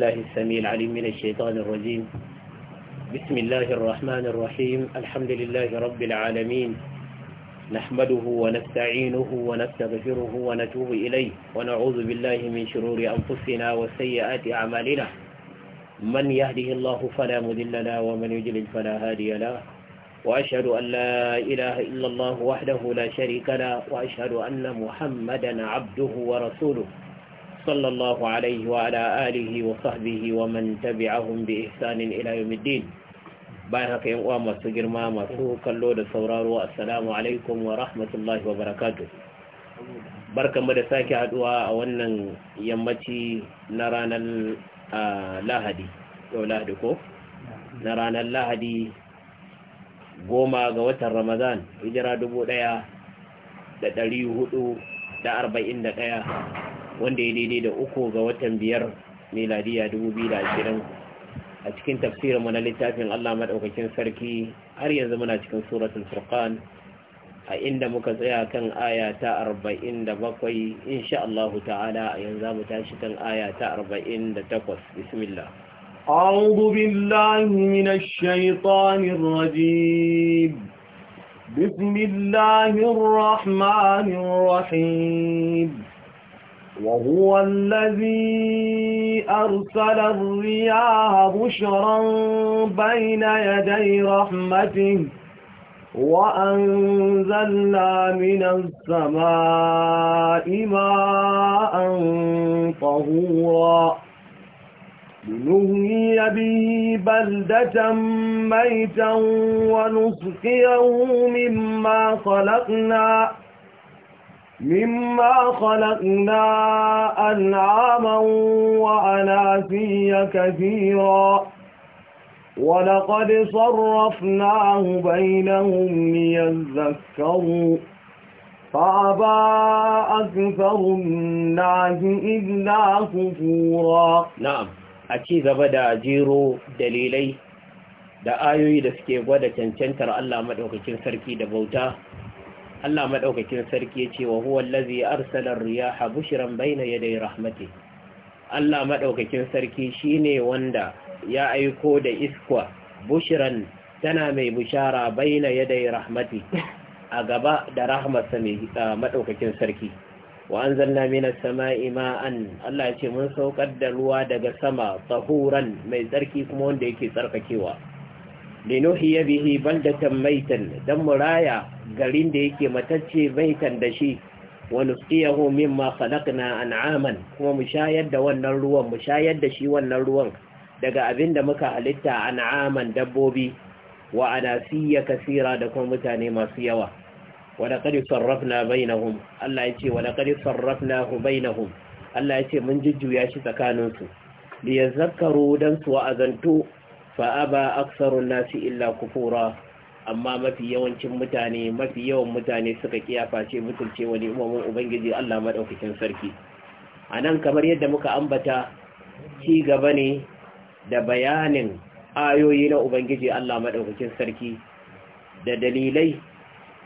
بالله السميع العليم من الشيطان الرجيم بسم الله الرحمن الرحيم الحمد لله رب العالمين نحمده ونستعينه ونستغفره ونتوب إليه ونعوذ بالله من شرور أنفسنا وسيئات أعمالنا من يهده الله فلا مذل له ومن يجلل فلا هادي له وأشهد أن لا إله إلا الله وحده لا شريك له وأشهد أن محمدا عبده ورسوله صلى الله alihi wa sahbihi wa ومن تبعهم بإحسان إلى يوم الدين bayan haka yan uwa masu girma masu kallo da sauraro assalamu alaikum wa rahmatullahi wa barakatu mu da sake haduwa a wannan yammaci na ranar lahadi yau lahadi ko na ranar lahadi goma ga watan ramadan hijira dubu daya da hudu da arba'in da daya wanda ya daidai da uku ga watan biyar miladiya ashirin. a cikin tafsirin na littafin Allah maɗaukakin sarki har yanzu muna cikin suratul furqan a inda muka tsaya kan aya ta bakwai, insha Allah ta'ala a yanzu mu tashi kan aya ta takwas, bismillah أعوذ بالله من الشيطان الرجيم بسم الله الرحمن الرحيم وهو الذي أرسل الرياح بشرا بين يدي رحمته وأنزلنا من السماء ماء طهورا لنهي به بلدة ميتا ونسقيه مما خلقنا مما خلقنا أنعاما وأناسيا كثيرا ولقد صرفناه بينهم ليذكروا فأبى أكثر الناس إلا كفورا نعم أكيد بدا جيرو دليلي da ayoyi da suke gwada cancantar Allah madaukakin sarki da bauta Allah madaukakin sarki ce wa huwa allazi arsala riyaha bushran bayna yaday rahmati Allah madaukakin sarki shine wanda ya aiko da iskwa bushiran tana mai bushara bayna yadai rahmati a gaba da rahmatsa mai madaukakin sarki wa mina minas sama'i ma'an Allah yace mun saukar da ruwa daga sama tahuran mai tsarki kuma wanda yake tsarkakewa linuhiya bihi baldatan maitan dan muraya garin da yake matacce maitan da shi wa nusqiyahu mimma khalaqna an'aman kuma mu shayar da wannan ruwan mu shayar da shi wannan ruwan daga abin da muka halitta an'aman dabbobi wa anasiya kasira da kuma mutane masu yawa wa laqad sarrafna bainahum Allah ya yace wa laqad sarrafnahu bainahum Allah ya ce mun jujjuya shi tsakaninsu li dan su wa'azantu fa'aba aksarun nasi illa kufura amma mafi yawancin mutane mafi yawan mutane suka kiyafa ce mutunce wani umarmin ubangiji Allah maɗaukakin sarki a nan kamar yadda muka ambata ci gaba ne da bayanin ayoyi na ubangiji Allah maɗaukakin sarki da dalilai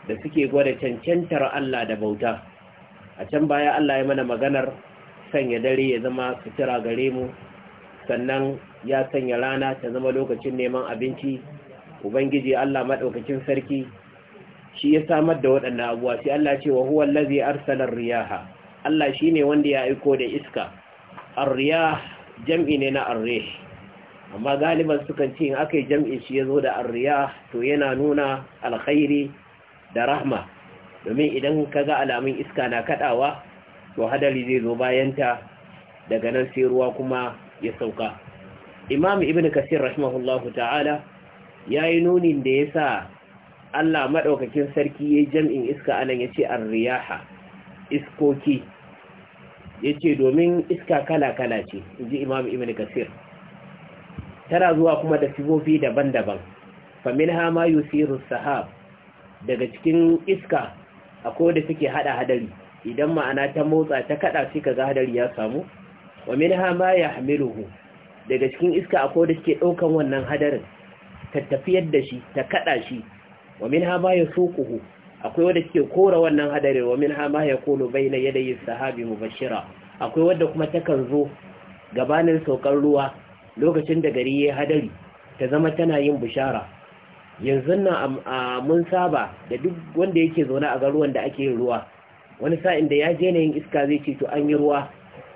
da suke gwada cancantar Allah da bauta a can baya Allah ya mana maganar sanya dare ya zama sutura gare mu sannan ya sanya rana ta zama lokacin neman abinci ubangiji Allah madaukakin sarki shi ya samar da waɗannan abuwa sai Allah ce wa huwa allazi arsala riyaha Allah shine wanda ya aiko da iska ar jam'i ne na ar amma galiban sukan ce in akai jam'i shi yazo da ar to yana nuna alkhairi da rahma domin idan ka ga alamun iska na kadawa to hadari zai zo bayanta daga nan sai ruwa kuma ya sauka imam ibn kasir rahimahullahu ta'ala ya yi nunin da ya sa Allah maɗaukakin sarki ya jam'in iska anan ya ce an riyaha iskoki ya ce domin iska kala-kala ce ji imam ibn kasir tana zuwa kuma da sifofi daban-daban famin hama yusiru sahab daga cikin iska akwai da suke haɗa hadari idan ma'ana ta motsa ta kaɗa shi ka ga hadari ya samu wa minha ma yahmiluhu daga cikin iska akwai da ke daukan wannan hadarin ta tafiyar da shi ta kada shi wa minha ma yasuquhu akwai wanda ke kora wannan hadarin wa minha ma yakunu ya yi sahabi mu bashira? akwai wanda kuma takan zo gabanin saukar ruwa lokacin da gari ya hadari ta zama tana yin bishara yanzu nan mun saba da duk wanda yake zauna a garuwan da ake yin ruwa wani sa'in da ya je na yin iska zai ce to an yi ruwa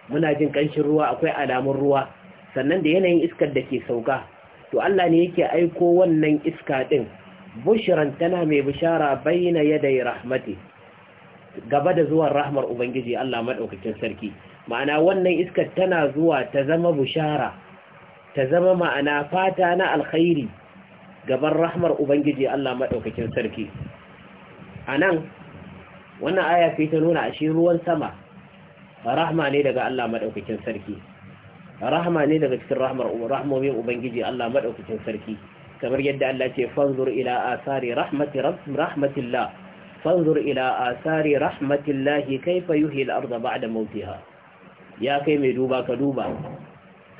muna jin ƙanshin ruwa akwai alamun ruwa sannan da yanayin iskar da ke sauka to Allah ne yake aiko wannan iska din bushran tana mai bishara baina yaday rahmati gaba da zuwan rahmar ubangiji Allah madaukakin sarki ma'ana wannan iskar tana zuwa ta zama bishara ta zama ma'ana fata na alkhairi gaban rahmar ubangiji Allah madaukakin sarki anan wannan aya ce ta nuna ashe ruwan sama rahma ne daga Allah madaukakin sarki rahma ne daga cikin rahmar rahmomin ubangiji Allah madaukakin sarki kamar yadda Allah ce fanzur ila asari rahmati rahmatillah fanzur ila asari rahmatillahi kaifa yuhyi al-ardha ba'da mautiha ya kai mai duba ka duba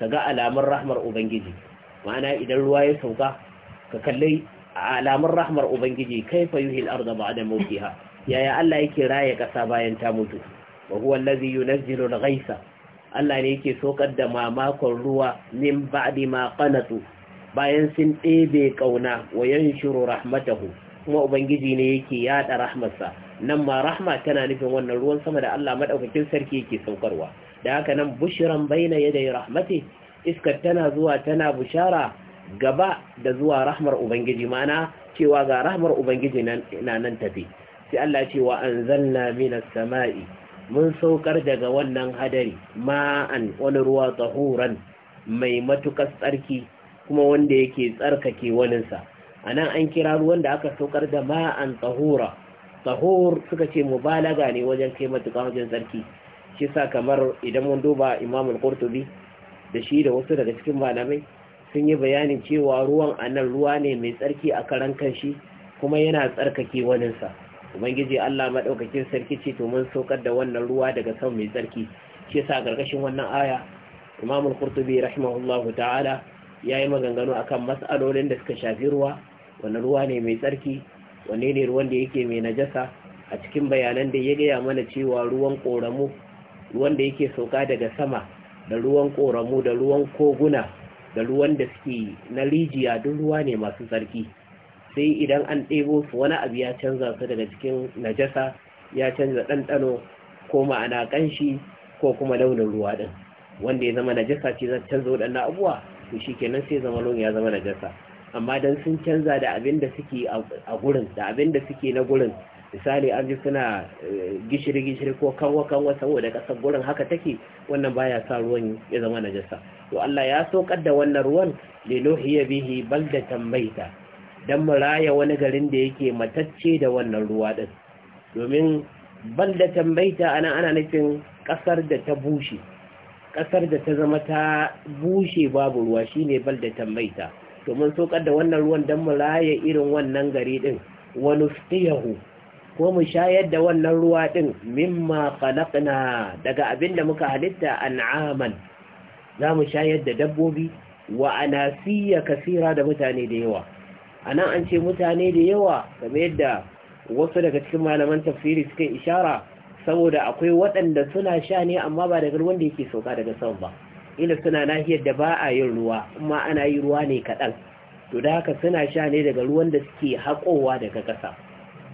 kaga alamun rahmar ubangiji ma'ana idan ruwa ya sauka ka kalli alamun rahmar ubangiji kaifa yuhyi al-ardha ba'da mautiha yaya Allah yake raye kasa bayan ta mutu wa huwa allazi yunzilu al Allah ne yake sokar da mamakon ruwa min ba'di ma qanatu bayan sun ɗebe kauna wa yanshuru rahmatahu kuma ubangiji ne yake yada rahmarsa nan ma rahma tana nufin wannan ruwan sama da Allah madaukakin sarki yake saukarwa da haka nan bushran baina yaday rahmati iskar tana zuwa tana bushara gaba da zuwa rahmar ubangiji mana cewa ga rahmar ubangiji na nan tafi sai Allah ce wa anzalna minas sama'i mun saukar daga wannan hadari ma'an wani ruwa tsahoran mai matukar tsarki kuma wanda yake tsarkake waninsa a nan an kira ruwan da aka saukar da ma'an tsahura tsahur suka ce mu balaga ne wajen kai matuƙa wajen tsarki shi sa kamar idan mun duba imamul kurtubi da shi da wasu daga cikin malamai sun yi bayanin cewa ruwan a nan ruwa ne mai tsarki a karan kanshi kuma yana tsarkake waninsa ubangiji Allah madaukakin sarki ce to mun saukar da wannan ruwa daga sama mai tsarki shi yasa gargashin wannan aya Imam al-Qurtubi rahimahullahu ta'ala yayi maganganu akan mas'alolin da suka shafi ruwa wannan ruwa ne mai tsarki wanne ne ruwan da yake mai najasa a cikin bayanan da ya gaya mana cewa ruwan koramu ruwan da yake sauka daga sama da ruwan koramu da ruwan koguna da ruwan da suke na rijiya duk ruwa ne masu tsarki sai idan an ɗebo su wani abu ya canza su daga cikin najasa ya canza ɗanɗano ko ma'ana ƙanshi ko kuma launin ruwa ɗin wanda ya zama najasa ce zai canza waɗannan abuwa to shi kenan sai zama lon ya zama najasa amma don sun canza da abin da suke a gurin da abin da suke na gurin misali an ji suna eh, gishiri gishiri ko kanwa kanwa saboda ƙasar gurin haka take wannan baya sa ruwan ya zama najasa to Allah ya saukar da wannan ruwan lilohiya bihi baldatan maita don mu raya wani garin da yake matacce da wannan ruwa ɗin domin ban da tambaita ana ana nufin ƙasar da ta bushe ƙasar da ta zama ta bushe babu ruwa shine ban da tambaita domin sokar da wannan ruwan don mu raya irin wannan gari ɗin wani fiyahu ko mu shayar da wannan ruwa ɗin mimma khalaqna daga abin da muka halitta an'aman za mu shayar da dabbobi wa anasiya kasira da mutane da yawa a nan an ce mutane da yawa game yadda wasu daga cikin malaman tafsiri suka ishara saboda akwai waɗanda suna sha ne amma ba daga ruwan da yake sauka daga sama ba ila suna nahiyar da ba a yin ruwa amma ana yi ruwa ne kaɗan to da haka suna sha ne daga ruwan da suke haƙowa daga ƙasa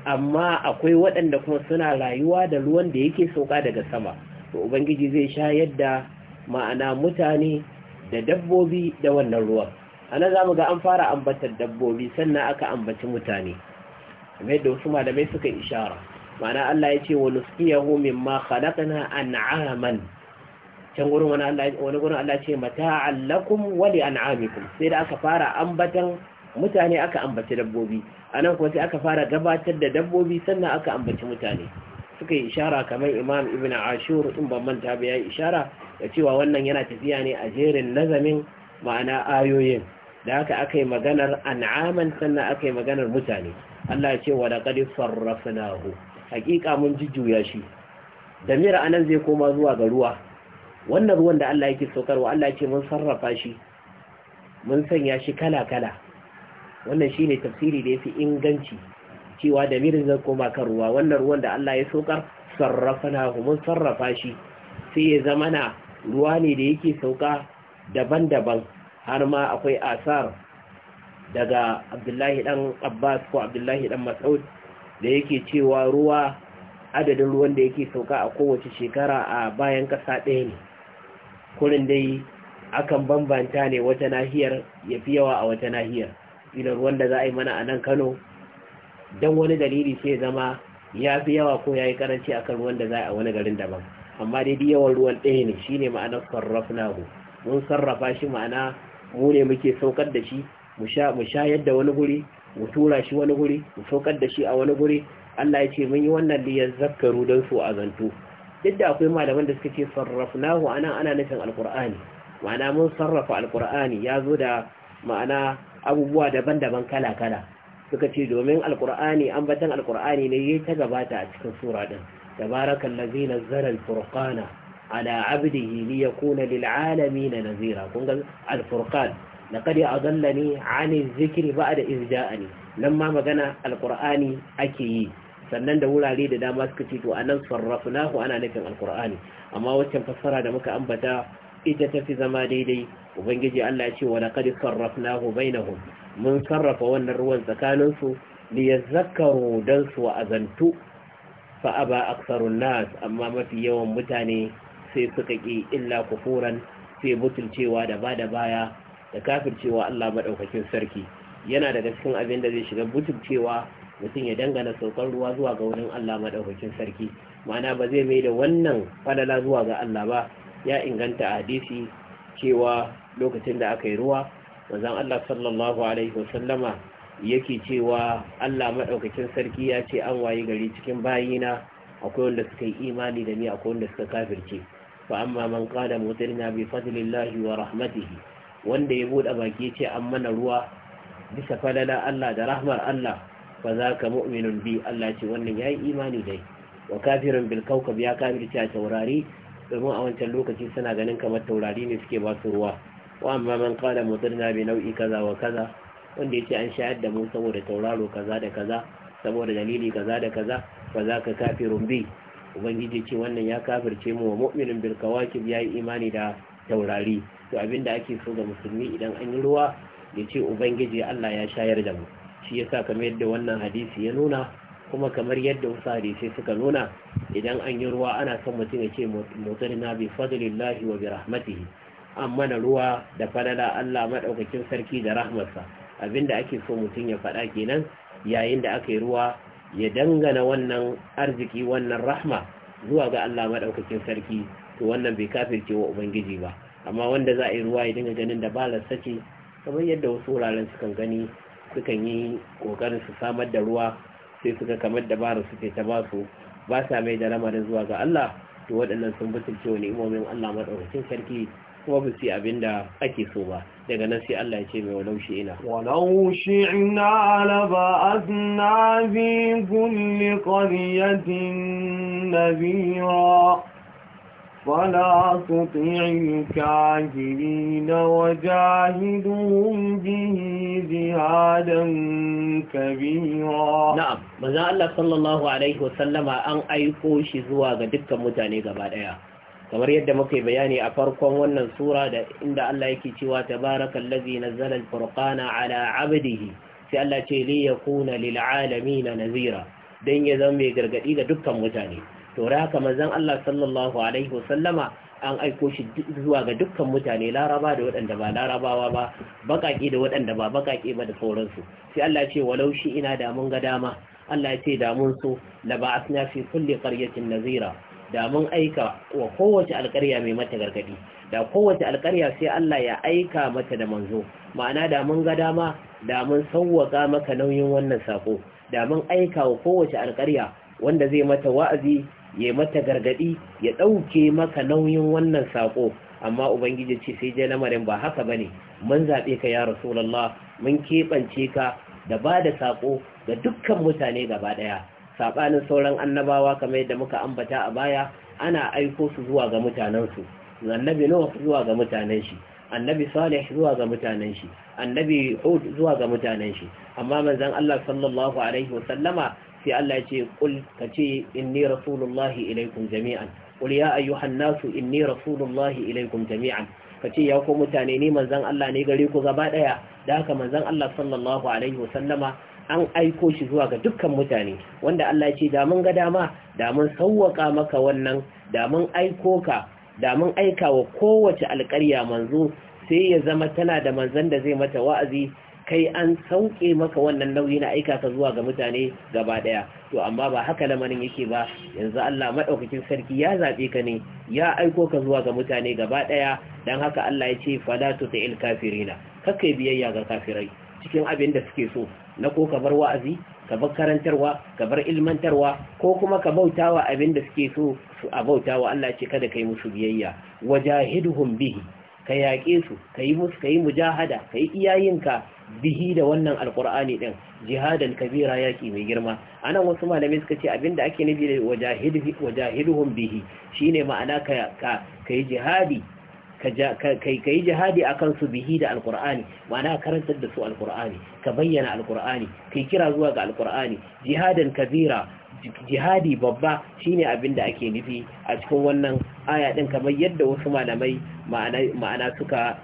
amma akwai waɗanda kuma suna rayuwa da ruwan da yake sauka daga sama to ubangiji zai sha yadda ma'ana mutane da dabbobi da wannan ruwan nan za mu ga an fara ambatar dabbobi sannan aka ambaci mutane kamar da wasu malamai suka ishara ma'ana Allah ya ce wa nuskiyahu mimma khalaqna an'aman can gurin wani Allah wani gurin Allah ce mata'an lakum wa li an'amikum sai da aka fara ambatan mutane aka ambaci dabbobi A nan kuma sai aka fara gabatar da dabbobi sannan aka ambaci mutane suka yi ishara kamar Imam Ibn Ashur in ban manta ba ya ishara da cewa wannan yana tafiya ne a jerin nazamin ma'ana ayoyin da haka aka yi maganar an'aman sannan aka yi maganar mutane Allah ya ce wa da ƙadi farrafinahu hakika mun jujjuya shi da mira anan zai koma zuwa ga ruwa wannan ruwan da Allah yake saukarwa Allah ya ce mun sarrafa shi mun sanya shi kala-kala wannan shi ne tafsiri da ya fi inganci cewa da mirin zai koma kan ruwa wannan ruwan da Allah ya saukar sarrafa mun sarrafa shi sai ya zamana ruwa ne da yake sauka daban-daban har ma akwai asar daga abdullahi dan abbas ko abdullahi dan mas'ud da yake cewa ruwa adadin ruwan da yake sauka a kowace shekara a bayan kasa ɗaya ne kurin dai akan bambanta ne wata nahiyar ya fi yawa a wata nahiyar idan ruwan da za a yi mana a nan kano don wani dalili sai zama ya fi yawa ko ya yi karanci akan ruwan da za a wani garin daban amma dai yawan ruwan ɗaya ne shine ma'anar sarrafnahu mun sarrafa shi ma'ana mu ne muke saukar da shi mu shayar da wani guri mu tura shi wani guri mu saukar da shi a wani guri Allah ya ce mun yi wannan liyar zakaru don su azantu duk da akwai malaman da suka ce sarrafnahu anan ana nufin alqur'ani ma'ana mun sarrafa alqur'ani ya zo da ma'ana abubuwa daban-daban kala-kala suka ce domin an ambatan alqur'ani ne yayi ta gabata a cikin sura din tabarakallazi nazzala alfurqana ala abdihi li yakuna lil na nazira kun ga al furqan laqad adallani ani zikri ba'da iz ja'ani nan ma magana al ake yi sannan da wurare da dama suka ce to anan nahu ana nufin al amma waccan fassara da muka ambata ita tafi zama daidai ubangiji Allah ya ce wa laqad sarrafnahu bainahum mun sarrafa wannan ruwan tsakanin su li yazakkaru dan su azantu fa aba aktharun nas amma mafi yawan mutane sai suka ƙi illa kufuran sai butulcewa da ba da baya da kafircewa Allah maɗaukakin sarki yana daga cikin abin da zai shiga butulcewa mutum ya dangana saukar ruwa zuwa ga wurin Allah maɗaukakin sarki ma'ana ba zai mai da wannan falala zuwa ga Allah ba ya inganta hadisi cewa lokacin da aka yi ruwa manzon Allah sallallahu alaihi wasallama yake cewa Allah maɗaukakin sarki ya ce an waye gari cikin bayina akwai wanda suka yi imani da ni akwai wanda suka kafirce فأما من قال مطرنا بفضل الله ورحمته wanda ya buɗe baki ce an mana ruwa bisa falala Allah da rahmar Allah fa za ka mu'minun bi Allah ce wannan ya yi imani dai wa kafirin bil kaukab ya kafirce a taurari domin a wancan lokaci suna ganin kamar taurari ne suke ba su ruwa wa amma man qala mutirna bi nau'i kaza wa kaza wanda yace an shayar da mu saboda tauraro kaza da kaza saboda dalili kaza da kaza fa za ka kafirun bi ubangiji ce wannan ya kafirce mu wa mu'minin bil ya yi imani da taurari to abinda ake so ga musulmi idan an yi ruwa ya ce ubangiji Allah ya shayar da mu shi yasa kamar yadda wannan hadisi ya nuna kuma kamar yadda wasu hadisi suka nuna idan an yi ruwa ana son mutum ya ce mutarina bi fadlillahi wa bi rahmatihi an mana ruwa da fadala Allah madaukakin sarki da rahmarsa abinda ake so mutum ya faɗa kenan yayin da aka yi ruwa ya dangana wannan arziki wannan rahma zuwa ga Allah madaukakin sarki to wannan bai kafirce wa ubangiji ba amma wanda za a yi ruwa ya dinga ganin da balarsa ce kamar yadda wasu wuraren sukan gani sukan yi kokarin su samar da ruwa sai suka kamar dabarar suke ta ba su ba sa mai da lamarin zuwa ga Allah to waɗannan sun ce wa ni'imomin Allah madaukakin sarki kuma ba su abin da ake so ba daga nan sai Allah ya ce mai walau shi'ina walau shi'ina laba'atna fi kulli qaryatin nabira fala tuti'il kafirin wajahiduhum bihi jihadan kabira na'am manzo Allah sallallahu alaihi wasallama an aiko shi zuwa ga dukkan mutane gaba ɗaya. kamar yadda muka bayani a farkon wannan sura da inda Allah yake cewa tabarakal ladzi nazzala al-furqana ala 'abdihi sai Allah ce li yakuna lil alamin nazira dan ya zama mai gargadi ga dukkan mutane to haka manzon Allah sallallahu alaihi wasallama an aiko shi zuwa ga dukkan mutane laraba da waɗanda ba larabawa ba baƙaƙe da waɗanda ba baƙaƙe ba da sauransu sai Allah ce walau shi ina da mun ga dama Allah ya ce da mun so la ba'athna fi kulli qaryatin nazira da mun aika wa kowace alƙarya mai mata gargadi da kowace alƙarya sai Allah ya aika mata da manzo ma'ana da mun ga dama da mun sauwaka maka nauyin wannan sako da mun aika wa kowace alƙarya wanda zai mata wa'azi ya mata gargadi ya ɗauke maka nauyin wannan sako amma ubangiji ce sai je lamarin ba haka bane mun zaɓe ka ya Rasulallah. mun keɓance ka da ba da sako ga dukkan mutane gaba ɗaya saɓanin sauran annabawa kamar yadda muka ambata a baya ana aiko su zuwa ga mutanensu annabi nuh zuwa ga mutanen shi annabi salih zuwa ga mutanen shi annabi hud zuwa ga mutanen shi amma manzon Allah sallallahu alaihi wasallama sai Allah ya ce kul kace inni rasulullahi ilaikum jami'an qul ya ayyuhan nasu inni rasulullahi ilaikum jami'an kace ya ku mutane ni manzon Allah ne gare ku gaba daya da haka manzon Allah sallallahu alaihi wasallama an aiko shi zuwa ga dukkan mutane wanda Allah ce da mun ga dama da mun sauwaka maka wannan da mun aiko ka da mun aika wa kowace alƙarya manzo sai ya zama tana da manzon da zai mata wa'azi kai an sauke maka wannan nauyi na aika ka zuwa ga mutane gaba daya to amma ba haka lamarin yake ba yanzu Allah madaukakin sarki ya zabe ka ne ya aiko ka zuwa ga mutane gaba daya dan haka Allah ya ce fala tuti'il kafirina kakkai biyayya ga kafirai cikin abin da suke so na ko ka bar wa'azi ka bar karantarwa ka bar ilmantarwa ko kuma ka bauta wa abin da suke so su a bauta wa Allah ce kada kai musu biyayya wajahidhum bihi ka yaƙe su ka yi musu ka yi mujahada ka yi iyayenka bihi da wannan alƙur'ani ɗin jihadan kabira yaƙi mai girma anan wasu malamai suka ce abin da ake nufi da wajahiduhum bihi shine ma'ana ka ka yi jihadi ka yi jihadi a kansu bihi da alkur'ani ma'ana karantar da su alkur'ani ka bayyana alkur'ani ka kira zuwa ga alkur'ani jihadin kabira jihadi babba shine abin da ake nufi a cikin wannan aya ɗin kamar yadda wasu malamai ma'ana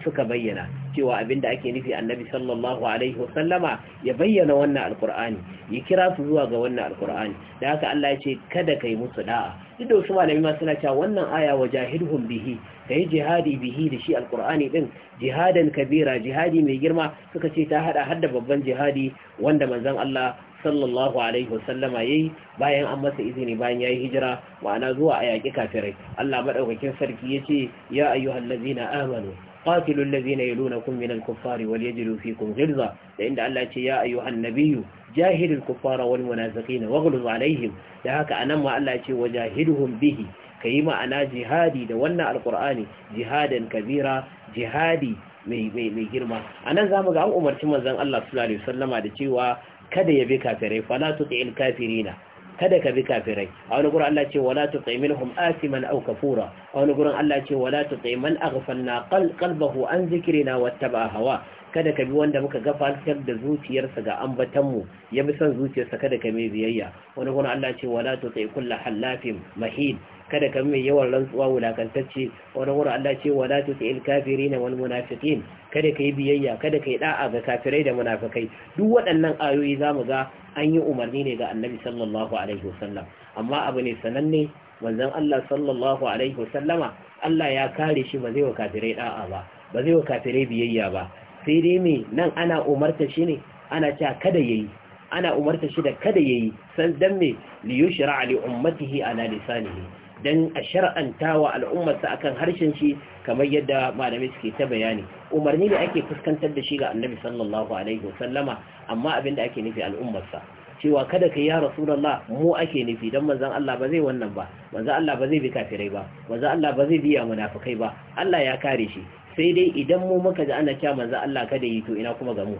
suka bayyana cewa abinda ake nufi annabi sallallahu alaihi wasallama ya bayyana wannan alkur'ani ya kira su zuwa ga wannan alkur'ani da haka Allah ya ce kada kai musu da'a duk da wasu malami ma suna cewa wannan aya wa jahidhum bihi kai jihadi bihi da shi alkur'ani din jihadan kabira jihadi mai girma suka ce ta hada hadda babban jihadi wanda manzon Allah sallallahu alaihi wasallama yayi bayan an masa izini bayan yayi hijira ma'ana zuwa a yaki kafirai Allah madaukakin sarki yace ya ayyuhallazina amanu قاتلوا الذين يلونكم من الكفار وليجدوا فيكم غلظة لأن الله يا أيها النبي جاهد الكفار والمنافقين واغلظ عليهم لهك أنما الله وجاهدهم به كيما أنا جهادي دولنا القرآن جهادا كبيرا جهادي mai girma a nan za mu ga an umarci manzan Allah sallallahu Alaihi wasallama da cewa kada ya bi kafirai fala tuti il kafirina kada ka bi kafirai a wani gurin Allah ce wala tuti minhum asiman aw kafura a wani gurin Allah ce wala tuti man aghfalna qalbahu an zikrina wattaba hawa kada ka bi wanda muka gafatar da zuciyarsa ga ambatanmu ya bi son zuciyarsa kada ka mai biyayya wani kuma Allah ce wala to sai kullu halafin mahin. kada ka mai yawan rantsuwa wulakantacce wani kuma Allah ce wala to sai kafirina wal munafiqin kada ka yi biyayya kada ka yi da'a ga kafirai da munafikai duk waɗannan ayoyi zamu ga an yi umarni ne ga Annabi sallallahu alaihi wasallam amma abu ne sananne manzon Allah sallallahu alaihi wasallama Allah ya kare shi ba zai wa kafirai da'a ba ba zai wa kafirai biyayya ba sai dai me nan ana umarta shi ne ana cewa kada yayi ana umarta shi da kada yayi san dan me li yushra li ummatihi ala lisanihi dan a shar'antawa al'ummarsa akan harshen shi kamar yadda malamai suke ta bayani umarni ne ake fuskantar da shi ga annabi sallallahu alaihi wasallama amma abinda ake nufi al'ummarsa cewa kada kai ya rasulullah mu ake nufi dan manzon Allah ba zai wannan ba manzon Allah ba zai bi kafirai ba manzon Allah ba zai biya munafikai ba Allah ya kare shi sai dai idan mu muka ji ana cewa manzo Allah kada yi to ina kuma ga mu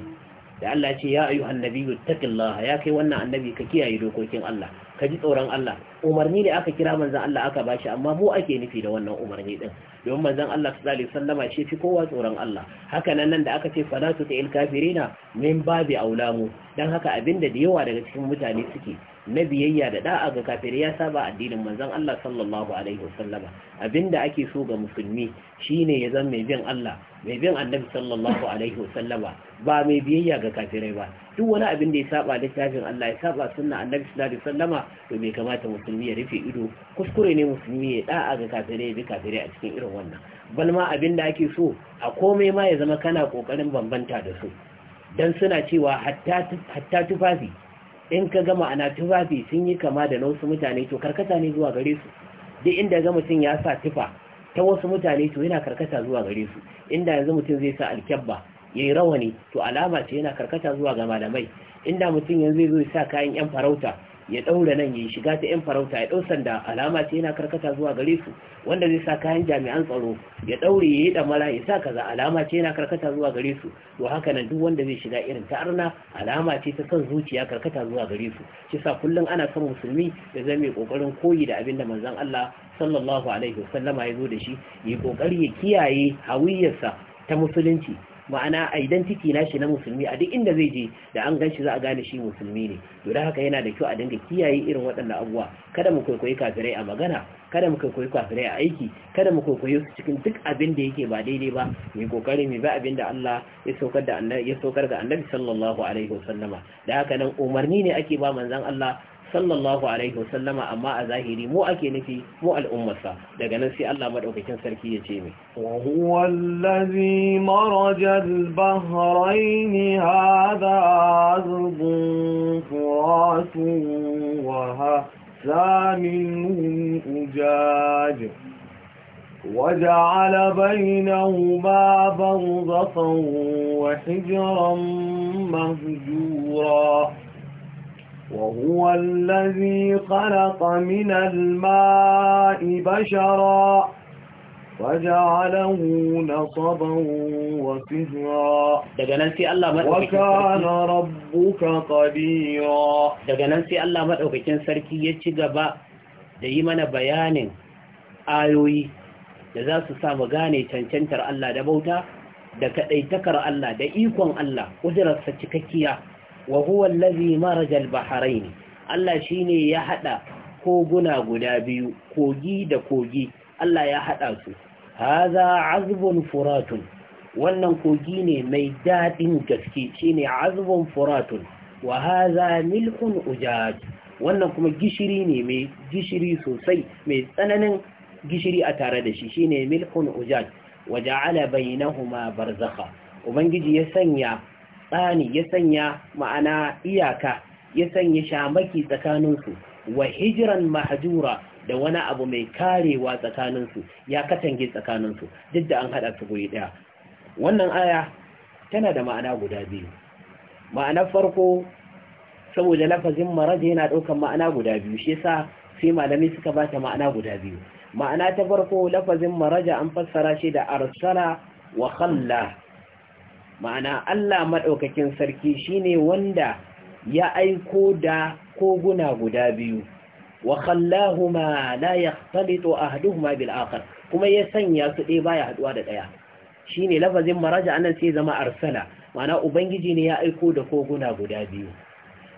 da Allah ce ya ayyuhan nabiyyu taqillaha ya kai wannan annabi ka kiyaye dokokin Allah ka ji tsoron Allah umarni ne aka kira manzan Allah aka bashi amma mu ake nufi da wannan umarni din domin manzan Allah sallallahu alaihi wasallama shi fi kowa tsoron Allah haka nan nan da aka ce falatu ta ilkafirina min babi aulamu dan haka abinda da yawa daga cikin mutane suke na biyayya da da'a ga kafiri ya saba addinin manzan Allah sallallahu alaihi wasallama abinda ake so ga musulmi shine ya zama mai bin Allah mai bin annabi sallallahu alaihi wasallama ba mai biyayya ga kafirai ba duk wani abin da ya saba littafin Allah ya saba sunna annabi sallallahu alaihi wasallama to bai kamata musulmi ya rufe ido kuskure ne musulmi ya da'a ga ya bi kafire a cikin irin wannan balma abin da ake so a komai ma ya zama kana kokarin bambanta da su dan suna cewa hatta hatta tufafi in ka gama ana tufafi sun yi kama da wasu mutane to karkata ne zuwa gare su duk inda ga mutum ya sa tufa ta wasu mutane to yana karkata zuwa gare su inda yanzu mutum zai sa alkyabba ya yi rawani to alama ce yana karkata zuwa ga malamai inda mutum yanzu zai zo sa kayan yan farauta ya daura nan ya shiga ta yan farauta ya dau sanda alama ce yana karkata zuwa gare su wanda zai sa kayan jami'an tsaro ya daure ya yi damara ya sa kaza alama ce yana karkata zuwa gare su to haka nan duk wanda zai shiga irin ta arna alama ce ta son zuciya karkata zuwa gare su shi sa kullum ana son musulmi ya zama mai kokarin koyi da abin da manzon Allah sallallahu alaihi wasallama ya zo da shi ya kokari ya kiyaye hawiyarsa ta musulunci ma'ana identity na shi na musulmi a duk inda zai je da an gan shi za a gane shi musulmi ne to da haka yana da kyau a dinga kiyaye irin waɗannan abubuwa kada mu kwaikwayi kafirai a magana kada mu kwaikwayi kafirai a aiki kada mu kwaikwayi su cikin duk abin da yake ba daidai ba mu kokari mu ba abin da Allah ya saukar da annabi ya saukar ga annabi sallallahu alaihi wasallama da haka nan umarni ne ake ba manzon Allah صلى الله عليه وسلم أما مو مؤكني في مؤل أمسا لقد نسي الله مدعوكي تنسلكي يجيمي وهو الذي مرج البهرين هذا عزب فرات وهسا منه أجاج وجعل بينهما بغضة وحجرا مهجورا وهو الذي خلق من الماء بشرا فجعله نصبا وفهرا وكان ربك قديرا daga nan sai Allah maɗaukacin sarki ya ci gaba da yi mana bayanin ayoyi da za su mu gane cancantar Allah da bauta da kaɗaitakar Allah da ikon Allah ƙudurarsa cikakkiya wa huwa allazi maraja al Allah shine ya hada koguna guda biyu kogi da kogi Allah ya hada su hadha azbun furatun wannan kogi ne mai dadin gaske shine azbun furatun wa hadha milhun ujaj wannan kuma gishiri ne mai gishiri sosai mai tsananin gishiri a tare da shi shine milhun ujaj waja'ala bainahuma barzakha ubangiji ya sanya tsani ya sanya ma'ana iyaka ya sanya shamaki tsakaninsu wa hijiran mahajura da wani abu mai karewa tsakaninsu ya katange tsakaninsu duk da an haɗa su guri ɗaya wannan aya tana da ma'ana guda biyu ma'anar farko saboda lafazin maraji yana ɗaukar ma'ana guda biyu shi yasa sai malamai suka ba ta ma'ana guda biyu ma'ana ta farko lafazin maraja an fassara shi da arsala wa khalla ma'ana Allah maɗaukakin sarki shine wanda ya aiko da koguna guda biyu wa khallahuma la yaxtalitu ahaduhuma bil akhar kuma ya sanya su ɗaya baya haduwa da ɗaya shine lafazin maraja anan sai zama arsala ma'ana ubangiji ne ya aiko da koguna guda biyu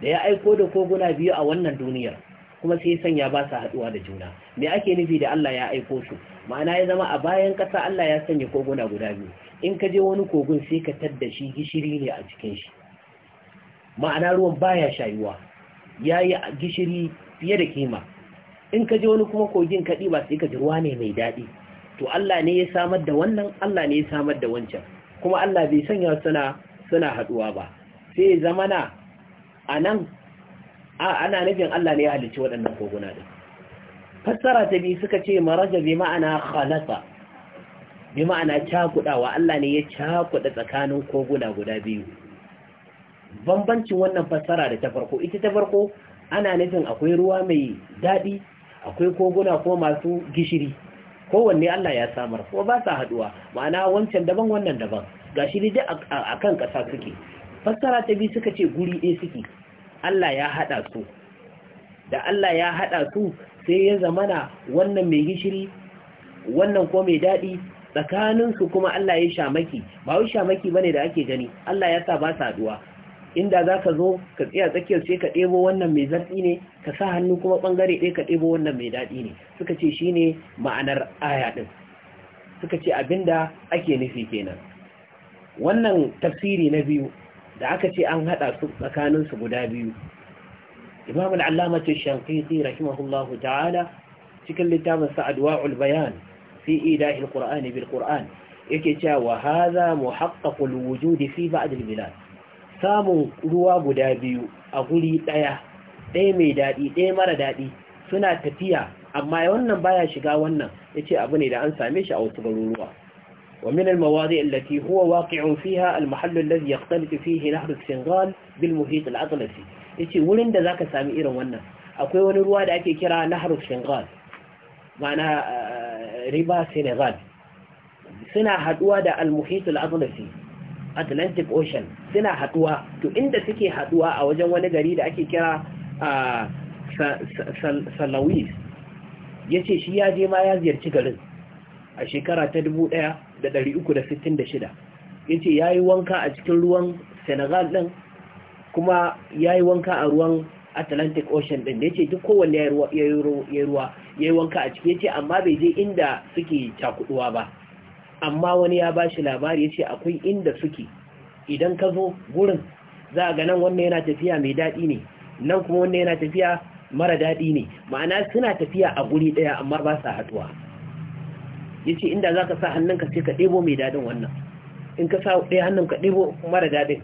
da ya aiko da koguna biyu a wannan duniyar kuma sai sanya ba su haduwa da juna me ake nufi da Allah ya aiko su ma'ana ya zama a bayan kasa Allah ya sanya koguna guda biyu in ka je wani kogon sai ka tadda shi gishiri ne a cikin shi ma'ana ruwan baya shayuwa ya yi gishiri fiye da kima in ka je wani kuma kogin kaɗi ba sai ka ji ruwa ne mai daɗi to Allah ne ya samar da wannan Allah ne ya samar da wancan kuma Allah bai sanya suna suna haɗuwa ba sai ya zama na a ana nufin Allah ne ya halicci waɗannan koguna ɗin fassara ta biyu suka ce maraja bi ma'ana khalasa bi ma'ana cakudawa Allah ne ya cakuda tsakanin koguna guda biyu bambancin wannan fassara da ta farko ita ta farko ana nufin akwai ruwa mai daɗi akwai koguna ko masu gishiri kowanne Allah ya samar ko ba sa haduwa ma'ana wancan daban wannan daban gashi shi da a kan ƙasa suke fassara ta biyu suka ce guri ɗaya suke Allah ya haɗa su da Allah ya haɗa su sai ya zamana wannan mai gishiri wannan ko mai daɗi tsakaninsu kuma Allah ya shamaki ba wai shamaki bane da ake gani Allah ya sa ba sa inda zaka zo ka tsaya tsakiyar sai ka ɗebo wannan mai zartsi ne ka sa hannu kuma bangare ɗaya ka ɗebo wannan mai daɗi ne suka ce shi ma'anar aya ɗin suka ce abinda ake nufi kenan wannan tafsiri na biyu da aka ce an haɗa su tsakanin su guda biyu imam al'alamatu shankiti rahimahullahu ta'ala cikin littafin sa'adwa'ul bayan fi idahil qur'ani bil qur'an yake cewa wa hadha muhaqqaqul wujudi fi ba'd al samun ruwa guda biyu a guri daya ɗaya mai daɗi ɗaya mara daɗi suna tafiya amma wannan baya shiga wannan yace abu ne da an same shi a wasu garuruwa ومن المواضع التي هو واقع فيها المحل الذي يختلط فيه نهر السنغال بالمحيط الأطلسي yace wurin da zaka sami irin wannan akwai wani ruwa da ake kira nahrul shingal ma'ana riba senegal suna haduwa da almuhitul atlantic atlantic ocean suna haduwa to inda suke haduwa a wajen wani gari da ake kira a salawis ya ce shi ya je ma ya ziyarci garin a shekara ta 1366 ya ce ya yi wanka a cikin ruwan senegal din kuma ya yi wanka a ruwan atlantic ocean din da ya ce duk kowanne ya yi ruwa ya yi wanka a ciki ya ce amma bai je inda suke cakuduwa ba amma wani ya ba shi labari ya ce akwai inda suke idan ka zo gurin za a ganin wannan yana tafiya mai daɗi ne nan kuma wannan yana tafiya mara daɗi ne ma'ana suna tafiya a guri ɗaya amma ba sa haɗuwa ya ce inda za ka sa hannun ka ce ka ɗebo mai daɗin wannan in ka sa ɗaya hannun ka ɗebo mara daɗin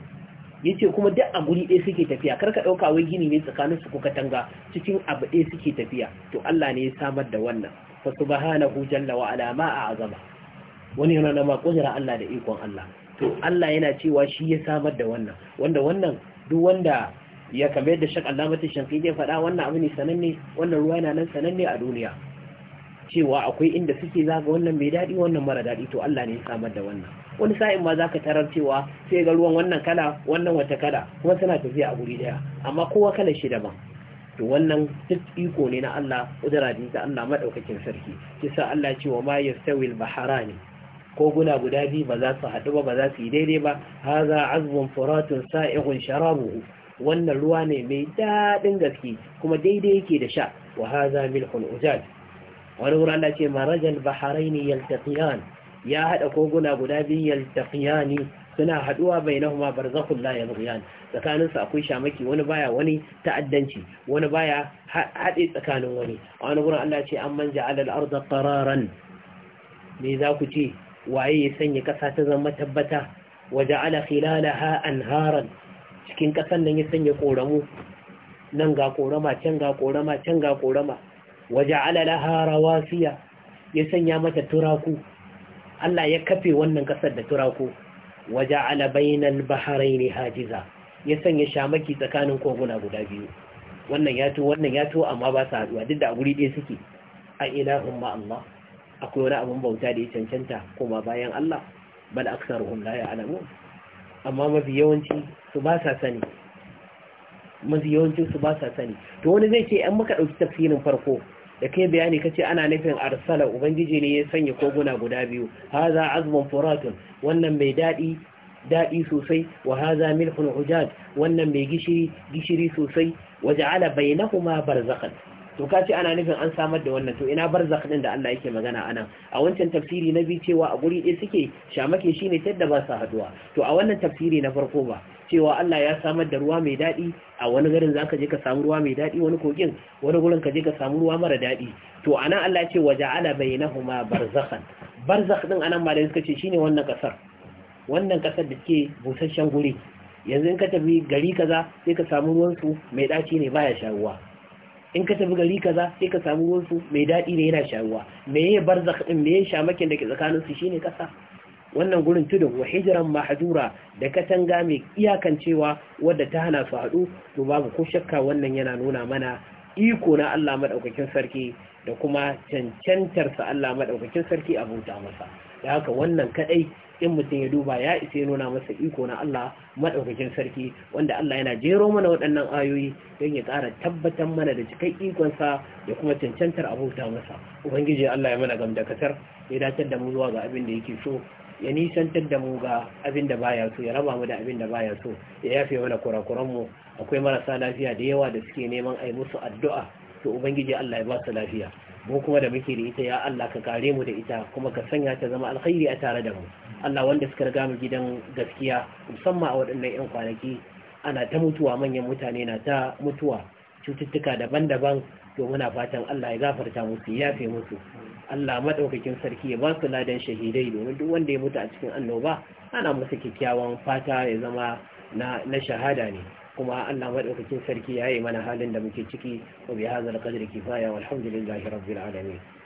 ya ce kuma duk a guri ɗaya suke tafiya kar ka ɗauka wai gini ne tsakanin su ko katanga cikin abu ɗaya suke tafiya to Allah ne ya samar da wannan fa subhanahu jalla wa ala ma azama. wani yana na kujira Allah da ikon Allah to Allah yana cewa shi ya samar da wannan wanda wannan duk wanda ya kamar da shak Allah mata shafi ya faɗa wannan abu ne sananne wannan ruwa yana nan sananne a duniya cewa akwai inda suke zaga wannan mai daɗi wannan mara daɗi to Allah ne ya samar da wannan wani sa'in ma zaka tarar cewa sai ga ruwan wannan kala wannan wata kala kuma suna tafiya a guri daya amma kowa kala shi daban to wannan duk iko ne na Allah kudura din ta Allah madaukakin sarki kisa Allah ce wa ma yastawi al-bahrani ko guna guda biyu ba za su haɗu ba ba za su yi daidai ba haza azbun furatun sa'iqun sharabuhu wannan ruwa ne mai daɗin gaske kuma daidai yake da sha wa haza milhun ujaj wani wuri Allah ce marajal baharaini yaltaqiyan ya hada koguna guda biyu yaltaqiyani suna haduwa bainahuma barzakhul la yabghiyan tsakanin su akwai shamaki wani baya wani ta'addanci wani baya hade tsakanin wani a wani wuri Allah ce amman ja'ala al-ardha qararan me za ku ce waye ya sanya kasa ta zama tabbata waja'ala khilalaha anharan cikin kasan nan ya sanya koramu nan ga korama can ga korama can ga korama waja'ala laha rawasiya ya sanya mata turaku Allah ya kafe wannan kasar da turaku waja'ala bainal bahrayn hajiza ya sanya shamaki tsakanin koguna guda biyu wannan ya to wannan ya to amma ba su haduwa duk da a guri ɗaya suke a ilahun ma Allah akwai wani abin bauta da ya cancanta kuma bayan Allah bal aksaruhum la ya'lamu amma mafi yawanci su ba sa sani mafi yawanci su ba sa sani to wani zai ce an maka ɗauki tafsirin farko da kai bayani kace ana nufin arsala ubangiji ne ya sanya koguna guda biyu haza azbun furatun wannan mai dadi dadi sosai wa haza milhun ujaj wannan mai gishiri gishiri sosai waja'ala bainahuma barzakan to ka ce ana nufin an samar da wannan to ina barzakh din da Allah yake magana anan a wancan tafsiri na biyu cewa a guri ɗaya suke shamake shine tadda ba sa haduwa to a wannan tafsiri na farko ba cewa Allah ya samar da ruwa mai daɗi a wani garin zaka je ka samu ruwa mai daɗi wani kogin wani gurin ka je ka samu ruwa mara daɗi to anan Allah ya ce waja'ala bainahuma barzakhan barzakh din anan malai suka ce shine wannan kasar wannan kasar da ke busasshen guri yanzu in ka tafi gari kaza sai ka samu ruwan su mai daci ne baya sha in ka tafi gari kaza sai ka samu wasu, mai daɗi ne yana shayuwa me ya barzakh din me ya shamakin da ke tsakanin su shine kasa wannan gurin tudun wa hijiran mahajura da katanga mai iyakancewa wadda ta hana su haɗu to babu ko shakka wannan yana nuna mana iko na Allah maɗaukakin sarki da kuma cancantarsa Allah maɗaukakin sarki a bauta masa da haka wannan kaɗai in mutum ya duba ya isa nuna masa iko na Allah madaukakin sarki wanda Allah yana jero mana waɗannan ayoyi don ya ƙara tabbatar mana da cikai ikonsa ya kuma cancantar abota masa ubangiji Allah ya mana gamdakatar ya datar da mu zuwa ga abin da yake so ya nisantar da mu ga abin da baya so ya raba mu da abin da baya so ya yafe mana kurakuran mu akwai marasa lafiya da yawa da suke neman ai musu addu'a to ubangiji Allah ya ba su lafiya mu kuma da muke da ita ya Allah ka kare mu da ita kuma ka sanya ta zama alkhairi a tare da mu Allah wanda suka riga mu gidan gaskiya musamman a waɗannan 'yan kwanaki ana ta mutuwa manyan mutane na ta mutuwa cututtuka daban-daban to muna fatan Allah ya gafarta musu ya yafe mutu. Allah madaukakin sarki ya ba su ladan shahidai domin duk wanda ya mutu a cikin annoba ana musu kyakkyawan fata ya zama na shahada ne kuma Allah madaukakin sarki yayi mana halin da muke ciki wa bi hadzal qadri kifaya walhamdulillahi rabbil alamin